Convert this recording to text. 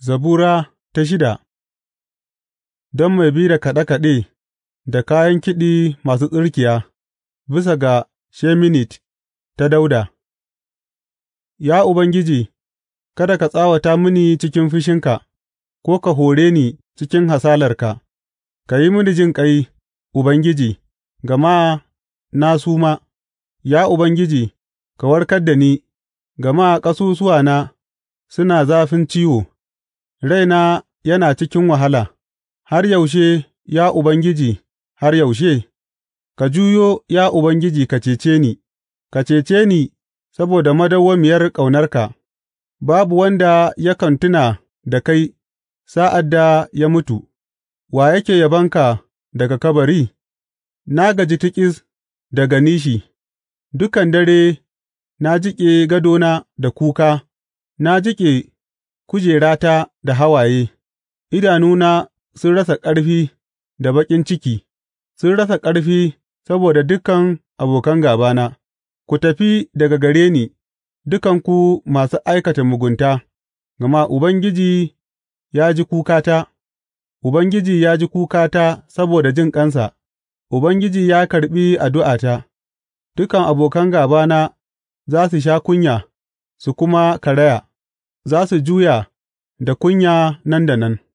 Zabura ta shida Don mai bi da kaɗe kaɗe da kayan kiɗi masu tsirkiya, bisa ga sheminit ta dauda. Ya Ubangiji, kada ka tsawata mini cikin fushinka, ko ka hore ni cikin hasalarka; ka yi mini jin jinƙai, Ubangiji, gama na suma, Ya Ubangiji, ka warkar da ni, gama ƙasusuwana suna zafin ciwo. Raina yana cikin wahala har yaushe, ya Ubangiji, har yaushe? Ka juyo, ya Ubangiji, ka cece ni; ka cece ni saboda madawwamiyar ƙaunarka, babu wanda yakan tuna da kai sa'ad da ya mutu, wa yake yabanka daga kabari? Na gaji tiƙis daga nishi; dukan dare na jiƙe gadona da kuka, na jiƙe kujerata da hawaye, idanuna sun rasa ƙarfi da baƙin ciki, sun rasa ƙarfi saboda dukan abokan gābana; ku tafi daga gare ni, dukanku masu aikata mugunta, gama Ubangiji ya ji kukata, Ubangiji ya ji kukata saboda jin jinƙansa, Ubangiji ya karɓi addu'ata; dukan abokan gābana za su sha kunya su kuma karaya. za su juya da kunya nan da nan.